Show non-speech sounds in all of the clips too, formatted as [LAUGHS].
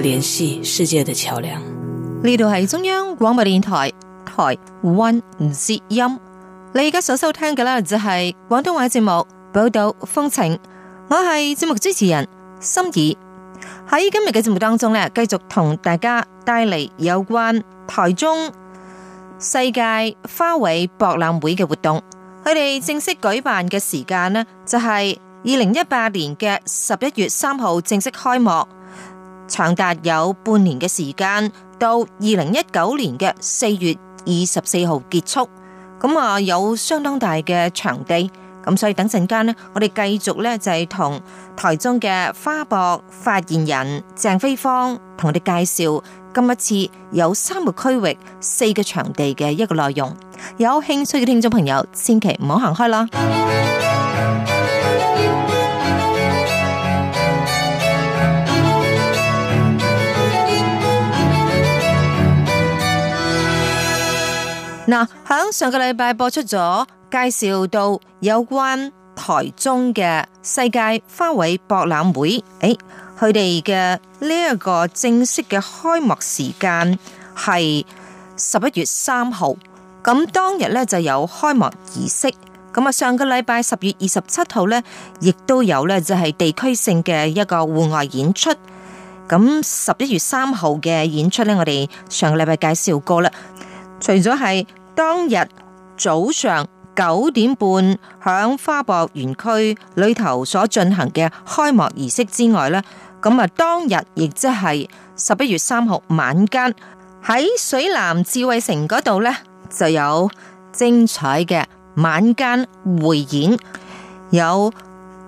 聯繫世界的橋樑。呢度係中央廣播電台台灣之音，你而家所收聽嘅咧就係廣東話節目《報道風情》，我係節目主持人心儀。喺今日嘅節目當中咧，繼續同大家帶嚟有關台中世界花卉博覽會嘅活動。佢哋正式舉辦嘅時間咧，就係二零一八年嘅十一月三號正式開幕。長達有半年嘅時間，到二零一九年嘅四月二十四號結束。咁啊，有相當大嘅場地，咁所以等陣間咧，我哋繼續咧就係同台中嘅花博發言人鄭飛芳同我哋介紹今一次有三個區域，四個場地嘅一個內容。有興趣嘅聽眾朋友，千祈唔好行開啦。嗱，響上個禮拜播出咗介紹到有關台中嘅世界花卉博覽會，誒、哎，佢哋嘅呢一個正式嘅開幕時間係十一月三號，咁當日咧就有開幕儀式，咁啊，上個禮拜十月二十七號咧，亦都有咧就係地區性嘅一個戶外演出，咁十一月三號嘅演出咧，我哋上個禮拜介紹過啦，除咗係。當日早上九點半，響花博園區裏頭所進行嘅開幕儀式之外呢，咁啊，當日亦即係十一月三號晚間喺水南智慧城嗰度呢，就有精彩嘅晚間匯演。有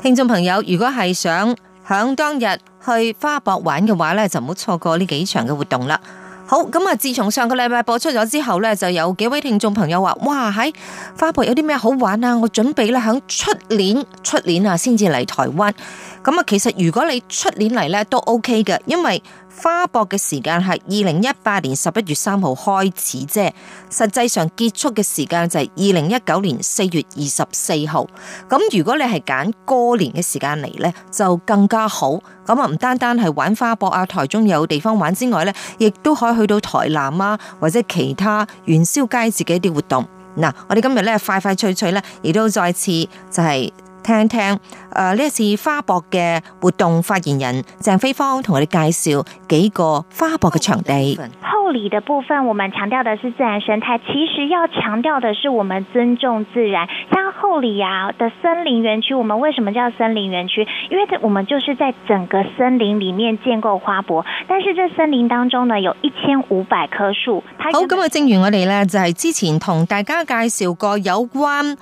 聽眾朋友，如果係想響當日去花博玩嘅話呢，就唔好錯過呢幾場嘅活動啦。好咁啊！自從上個禮拜播出咗之後咧，就有幾位聽眾朋友話，哇，喺花博有啲咩好玩啊？我準備咧響出年出年啊，先至嚟台灣。咁啊，其實如果你出年嚟咧都 OK 嘅，因為。花博嘅時間係二零一八年十一月三號開始啫，實際上結束嘅時間就係二零一九年四月二十四號。咁如果你係揀過年嘅時間嚟呢，就更加好。咁啊，唔單單係玩花博啊，台中有地方玩之外呢，亦都可以去到台南啊，或者其他元宵佳節嘅一啲活動。嗱，我哋今日呢，快快脆脆呢，亦都再次就係、是。聽聽誒，呢一次花博嘅活動發言人鄭飛芳同我哋介紹幾個花博嘅場地。后里嘅部分，我們強調的是自然生態，其實要強調的是我們尊重自然。像后里啊的森林園區，我們為什麼叫森林園區？因為，我們就是在整個森林裡面建構花博。但是，這森林當中呢，有一千五百棵樹。是是好，咁啊，正如我哋咧，就係、是、之前同大家介紹過有關。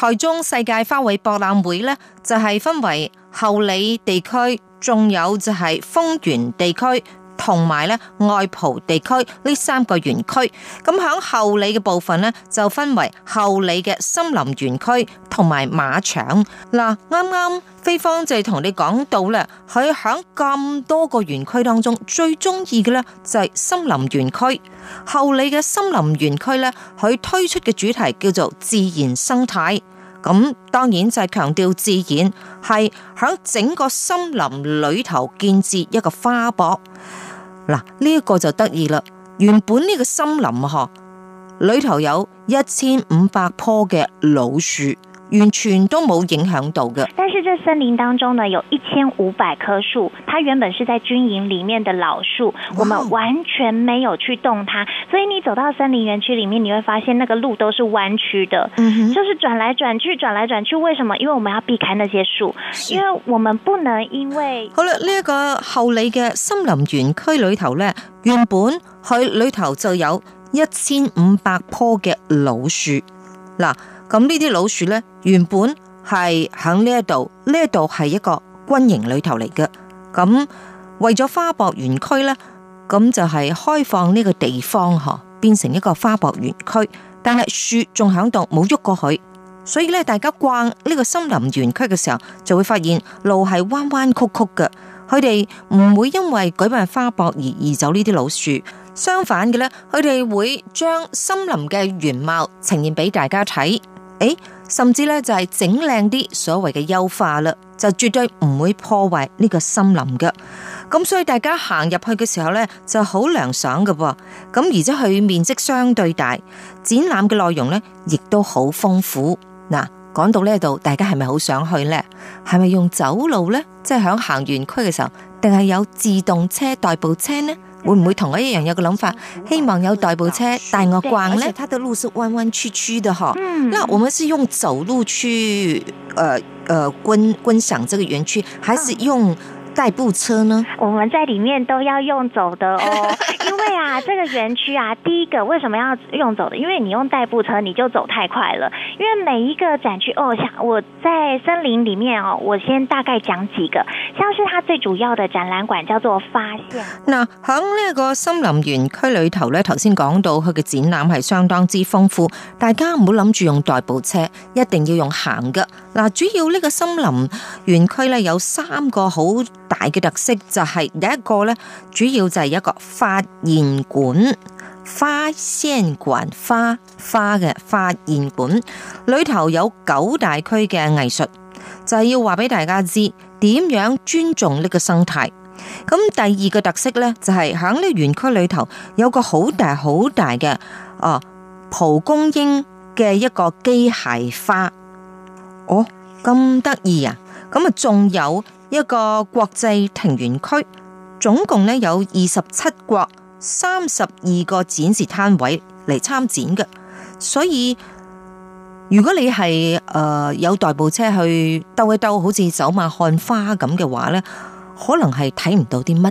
台中世界花卉博覽會呢，就係、是、分為后里地區，仲有就係豐原地區。同埋咧，外埔地區呢三個園區，咁響后里嘅部分呢，就分為后里嘅森林園區同埋馬場。嗱，啱啱菲方就係同你講到啦，佢響咁多個園區當中最中意嘅呢，就係森林園區。后里嘅森林園區呢，佢推出嘅主題叫做自然生態。咁當然就係強調自然，係響整個森林裏頭建設一個花博。嗱，呢一個就得意啦。原本呢個森林嗬，裏頭有一千五百棵嘅老樹。完全都冇影響到嘅。但是，這森林當中呢，有一千五百棵樹，它原本是在軍營裏面的老樹，哇我們完全沒有去動它。所以，你走到森林園區裏面，你會發現那個路都是彎曲的，嗯、哼就是轉來轉去，轉來轉去。為什麼？因為我們要避開那些樹，樹因為我們不能因為。好啦，呢、這、一個后里嘅森林園區裏頭呢，原本佢裏頭就有一千五百棵嘅老樹，嗱。咁呢啲老樹咧，原本係喺呢一度，呢一度係一個軍營裏頭嚟嘅。咁為咗花博園區咧，咁就係開放呢個地方嗬，變成一個花博園區。但係樹仲喺度，冇喐過佢，所以咧，大家逛呢個森林園區嘅時候，就會發現路係彎彎曲曲嘅。佢哋唔會因為舉辦花博而移走呢啲老樹，相反嘅咧，佢哋會將森林嘅原貌呈現俾大家睇。誒，甚至呢，就係整靚啲，所謂嘅優化嘞，就絕對唔會破壞呢個森林㗎。咁所以大家行入去嘅時候呢，就好涼爽嘅噃。咁而且佢面積相對大，展覽嘅內容呢，亦都好豐富。嗱，講到呢度，大家係咪好想去呢？係咪用走路呢？即係響行園區嘅時候，定係有自動車代步車呢？會不會同我一樣有個諗法，希望有代步車帶我逛呢？而且它的路是彎彎曲曲的哈，嗯、那我們是用走路去，誒、呃、誒、呃，觀觀賞這個園區，還是用？嗯代步車呢？我們在裏面都要用走的哦，因為啊，這個園區啊，第一個為什麼要用走的？因為你用代步車你就走太快了。因為每一個展區，哦，想我在森林裏面哦，我先大概講幾個，像是它最主要的展覽館叫做發現。嗱、呃，喺呢個森林園區裏頭呢，頭先講到佢嘅展覽係相當之豐富，大家唔好諗住用代步車，一定要用行噶。嗱、呃，主要呢個森林園區呢，有三個好。大嘅特色就係、是、第一個咧，主要就係一個發，發現館，花仙館，花花嘅發現館裏頭有九大區嘅藝術，就係要話俾大家知點樣尊重呢個生態。咁第二個特色咧，就係喺呢個園區裏頭有個好大好大嘅哦蒲公英嘅一個機械花，哦咁得意啊！咁啊仲有。一個國際庭園區，總共咧有二十七國、三十二個展示攤位嚟參展嘅，所以如果你係誒、呃、有代步車去兜一兜，好似走馬看花咁嘅話咧，可能係睇唔到啲乜。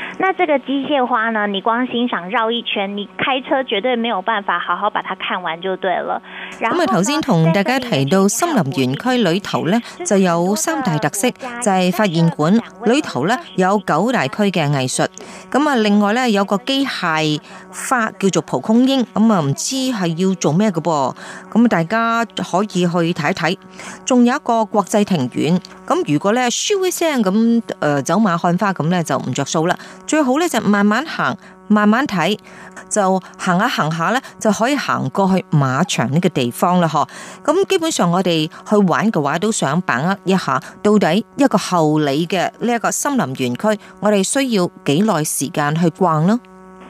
那這個機械花呢，你光欣賞繞一圈，你開車絕對沒有辦法好好把它看完就對了。然後，咁啊，頭先同大家提到森林園區裏頭呢，就有三大特色，就係、是、發現館裏頭呢，有九大區嘅藝術。咁啊，另外呢，有個機械花叫做蒲公英，咁啊唔知係要做咩嘅噃，咁大家可以去睇一睇。仲有一個國際庭園。咁如果呢，咻一聲咁走馬看花咁咧就唔着數啦，最好呢，就慢慢行，慢慢睇，就行下行下呢，就可以行過去馬場呢個地方啦嗬。咁基本上我哋去玩嘅話，都想把握一下到底一個后里嘅呢一個森林園區，我哋需要幾耐時間去逛咯。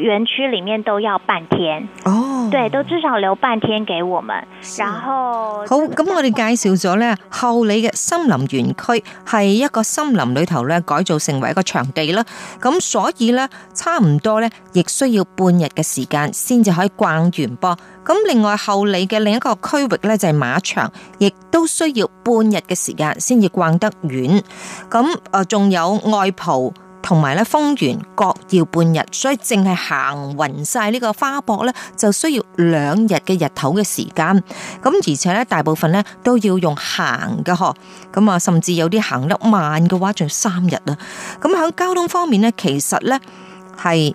園區裏面都要半天哦，對，都至少留半天給我們。是的。然後好咁，我哋介紹咗咧，后里嘅森林園區係一個森林裏頭咧改造成為一個場地啦。咁所以咧，差唔多咧，亦需要半日嘅時間先至可以逛完噃。咁另外后里嘅另一個區域咧就係馬場，亦都需要半日嘅時間先至逛得完。咁誒，仲有外埔。同埋咧，封完各要半日，所以淨係行匀晒呢個花博咧，就需要兩日嘅日頭嘅時間。咁而且咧，大部分咧都要用行嘅嗬。咁啊，甚至有啲行得慢嘅話，仲要三日啊。咁喺交通方面咧，其實咧係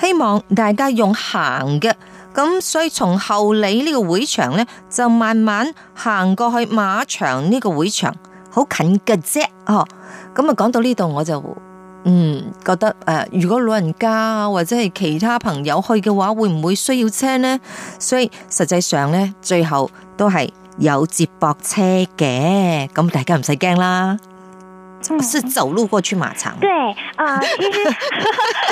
希望大家用行嘅。咁所以從后里呢個會場咧，就慢慢行過去馬場呢個會場，好近嘅啫。哦，咁啊，講到呢度我就。嗯，覺得誒、呃，如果老人家或者係其他朋友去嘅話，會唔會需要車呢？所以實際上咧，最後都係有接駁車嘅，咁大家唔使驚啦。是走路過去馬場。嗯、對，呃，其實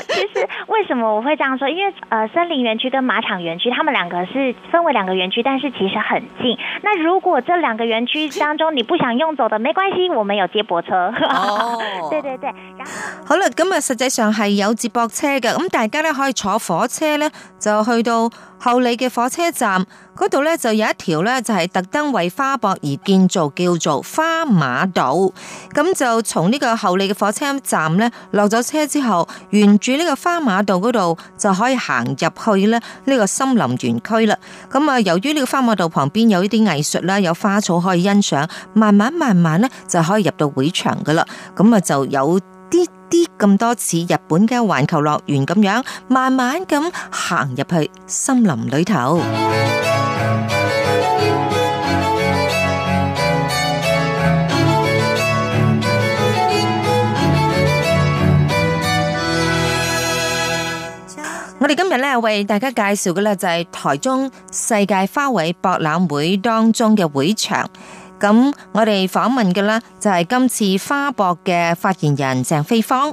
其實為什麼我會這樣說？因為呃，森林園區跟馬場園區，他們兩個是分為兩個園區，但是其實很近。那如果這兩個園區當中你不想用走的，沒關係，我們有接駁車。哦、 [LAUGHS] 對對對。好啦，咁啊，實際上係有接駁車㗎，咁大家呢可以坐火車呢，就去到后里嘅火車站。嗰度咧就有一條咧就係特登為花博而建造，叫做花馬道。咁就從呢個后里嘅火車站咧落咗車之後，沿住呢個花馬道嗰度就可以行入去咧呢個森林園區啦。咁啊，由於呢個花馬道旁邊有呢啲藝術啦，有花草可以欣賞，慢慢慢慢咧就可以入到會場噶啦。咁啊，就有啲。啲咁多似日本嘅環球樂園咁樣，慢慢咁行入去森林裏頭。我哋今日咧為大家介紹嘅咧就係台中世界花卉博覽會當中嘅會場。咁我哋訪問嘅咧就係今次花博嘅發言人鄭飛芳。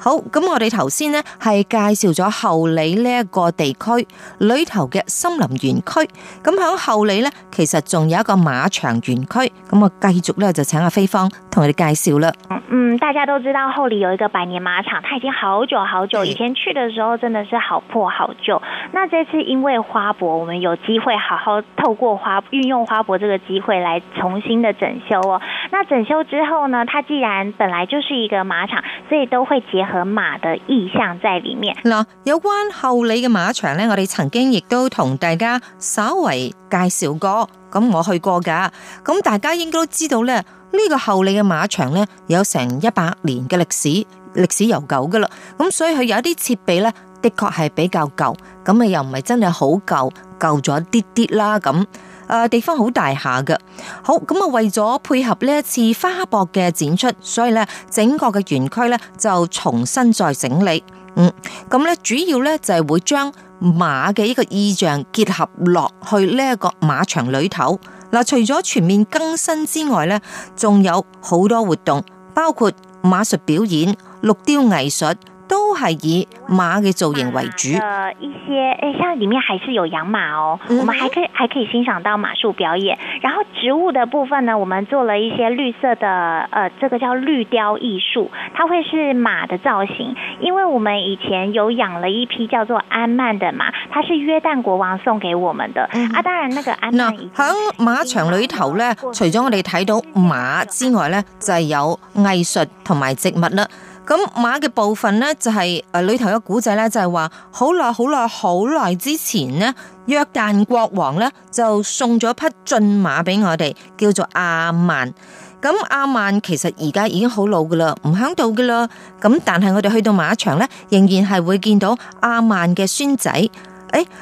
好，咁我哋頭先咧係介紹咗后里呢一個地區裏頭嘅森林園區。咁響后里咧，其實仲有一個馬場園區。咁我，繼續咧就請阿飛芳同我哋介紹啦。嗯，大家都知道后里有一個百年馬場，它已經好久好久。以前去的時候，真的是好破好舊。那這次因為花博，我們有機會好好透過花運用花博這個機會來重新的整修哦。那整修之後呢，它既然本來就是一個馬場，所以都會結合馬的意象在裏面。嗱，有關后里嘅馬場呢，我哋曾經亦都同大家稍微介紹過。咁我去過噶，咁大家應該都知道呢，呢個后里嘅馬場呢，有成一百年嘅歷史，歷史悠久噶啦。咁所以佢有一啲設備呢。的確係比較舊，咁啊又唔係真係好舊，舊咗啲啲啦咁。誒，地方好大下嘅，好，咁啊為咗配合呢一次花博嘅展出，所以咧整個嘅園區咧就重新再整理。嗯，咁咧主要咧就係會將馬嘅呢個意象結合落去呢一個馬場裏頭。嗱，除咗全面更新之外咧，仲有好多活動，包括馬術表演、綠雕藝術。都係以馬嘅造型為主，嗯。誒，一些誒，像裏面還是有養馬哦，我們還可以還可以欣賞到馬術表演。然後植物的部分呢，我們做了一些綠色的，誒，呃，這個叫綠雕藝術，它會是馬的造型。因為我們以前有養了一匹叫做安曼的馬，它是約旦國王送給我們的。啊，當然那個安曼喺，呃，馬場裏頭呢，除咗我哋睇到馬之外呢，就係、是、有藝術同埋植物啦。咁馬嘅部分咧，就係、是、誒、呃、裏頭嘅古仔咧，就係話好耐好耐好耐之前咧，約旦國王咧就送咗匹駿馬俾我哋，叫做阿曼。咁阿曼其實而家已經好老噶啦，唔響度噶啦。咁但係我哋去到馬場咧，仍然係會見到阿曼嘅孫仔，誒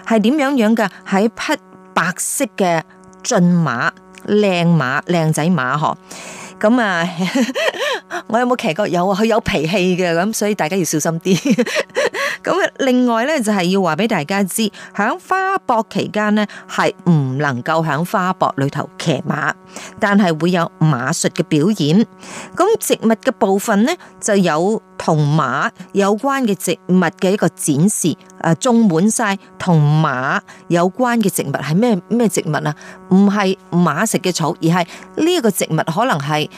係點樣樣噶？喺匹白色嘅駿馬，靚馬，靚仔馬嗬？咁啊。 [LAUGHS] 我有冇騎過？有啊，佢有脾氣嘅，咁所以大家要小心啲。咁 [LAUGHS] 另外咧就係要話俾大家知，響花博期間咧係唔能夠響花博裏頭騎馬，但係會有馬術嘅表演。咁植物嘅部分咧就有同馬有關嘅植物嘅一個展示，誒種滿晒同馬有關嘅植物係咩咩植物啊？唔係馬食嘅草，而係呢一個植物可能係。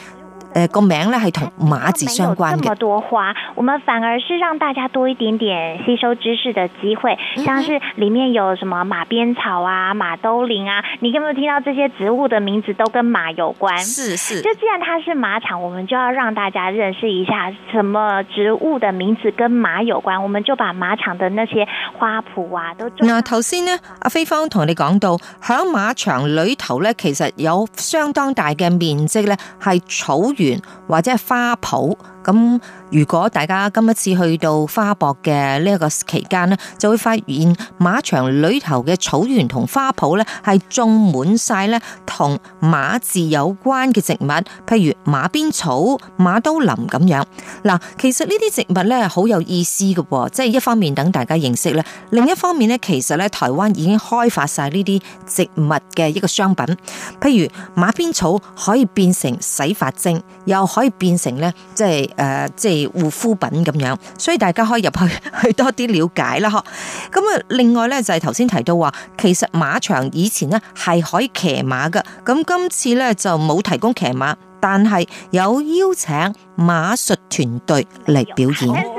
誒，個、呃、名咧係同馬字相關嘅。咁多花，我們反而是讓大家多一點點吸收知識的機會，像是裏面有什麼馬鞭草啊、馬兜鈴啊，你有冇有聽到這些植物的名字都跟馬有關？是是，就既然它是馬場，我們就要讓大家認識一下，什麼植物的名字跟馬有關，我們就把馬場的那些花圃啊都做。那頭先呢，阿菲方同你講到，響馬場裏頭咧，其實有相當大嘅面積咧，係草。園或者係花圃。咁如果大家今一次去到花博嘅呢一個期間咧，就會發現馬場裏頭嘅草原同花圃咧係種滿晒咧同馬字有關嘅植物，譬如馬鞭草、馬兜鈴咁樣。嗱，其實呢啲植物咧好有意思嘅，即係一方面等大家認識咧，另一方面咧其實咧台灣已經開發晒呢啲植物嘅一個商品，譬如馬鞭草可以變成洗髮精，又可以變成咧即係。誒、呃，即係護膚品咁樣，所以大家可以入去去多啲了解啦，咁啊，另外呢，就係頭先提到話，其實馬場以前呢係可以騎馬嘅，咁今次呢，就冇提供騎馬，但係有邀請馬術團隊嚟表演。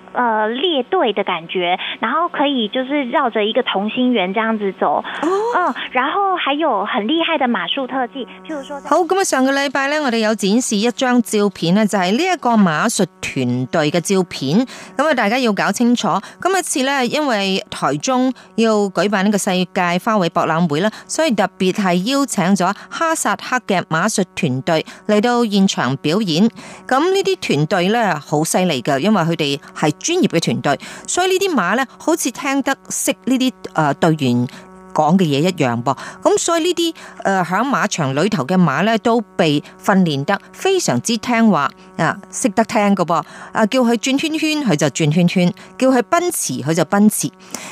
呃，列隊的感覺，然後可以就是繞着一個同心圓這樣子走，哦嗯，然後還有很厲害的馬術特技，譬如說，好咁啊，那上個禮拜呢，我哋有展示一張照片呢就係呢一個馬術團隊嘅照片，咁啊，大家要搞清楚，咁一次呢，因為台中要舉辦呢個世界花卉博覽會啦，所以特別係邀請咗哈薩克嘅馬術團隊嚟到現場表演，咁呢啲團隊呢，好犀利噶，因為佢哋係專業嘅團隊，所以呢啲馬咧，好似聽得識呢啲誒隊員講嘅嘢一樣噃，咁所以呢啲誒響馬場裏頭嘅馬呢，都被訓練得非常之聽話啊，識得聽噶噃啊，叫佢轉圈圈佢就轉圈圈，叫佢奔馳佢就奔馳。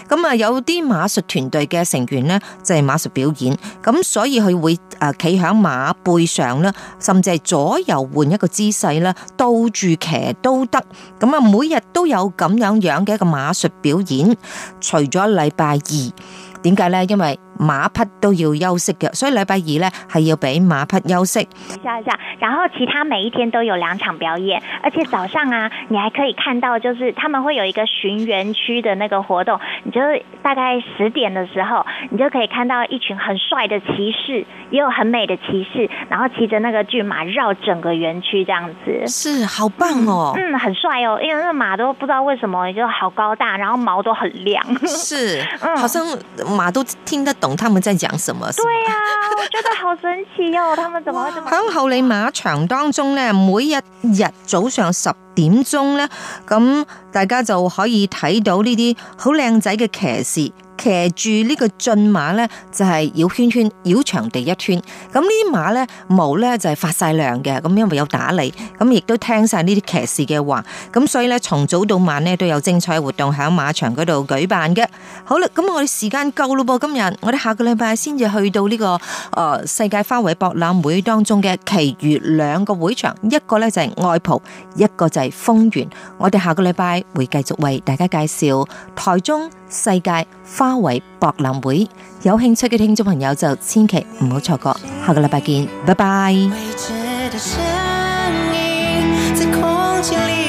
咁啊，有啲馬術團隊嘅成員呢，就係馬術表演，咁所以佢會誒企響馬背上啦，甚至係左右換一個姿勢啦，倒住騎都得。咁啊，每日都有咁樣樣嘅一個馬術表演，除咗禮拜二。點解呢？因為，馬匹都要休息的，所以禮拜二呢，係要俾馬匹休息。一下一下，然後其他每一天都有兩場表演，而且早上啊，你還可以看到，就是他們會有一個巡園區的那個活動，你就大概十點的時候，你就可以看到一群很帥的騎士，也有很美的騎士，然後騎着那個駿馬繞整個園區，這樣子，是，好棒哦。嗯，嗯，很帥哦，因為那個馬都不知道為什麼，就好高大，然後毛都很亮， [LAUGHS] 是，嗯，好像馬都聽得懂。他們在講什,什麼？對呀、啊、我覺得好神奇哦！ [LAUGHS] 他們怎麼會咁響后里馬場當中咧？每一日早上十點鐘咧，咁大家就可以睇到呢啲好靚仔嘅騎士。騎住呢個駿馬咧，就係、是、繞圈圈，繞場地一圈。咁呢馬咧毛咧就係、是、發晒亮嘅，咁因為有打理，咁亦都聽晒呢啲騎士嘅話，咁所以咧從早到晚咧都有精彩活動喺馬場嗰度舉辦嘅。好啦，咁我哋時間夠咯噃，今日我哋下個禮拜先至去到呢、這個誒、呃、世界花卉博覽會當中嘅其餘兩個會場，一個咧就係外埔，一個就係豐原。我哋下個禮拜會繼續為大家介紹台中世界花。花卉博覽會，有興趣嘅聽眾朋友就千祈唔好錯過，下個禮拜見，拜拜。 [MUSIC]